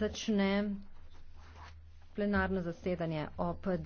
začne plenarno zasedanje ob 19.30.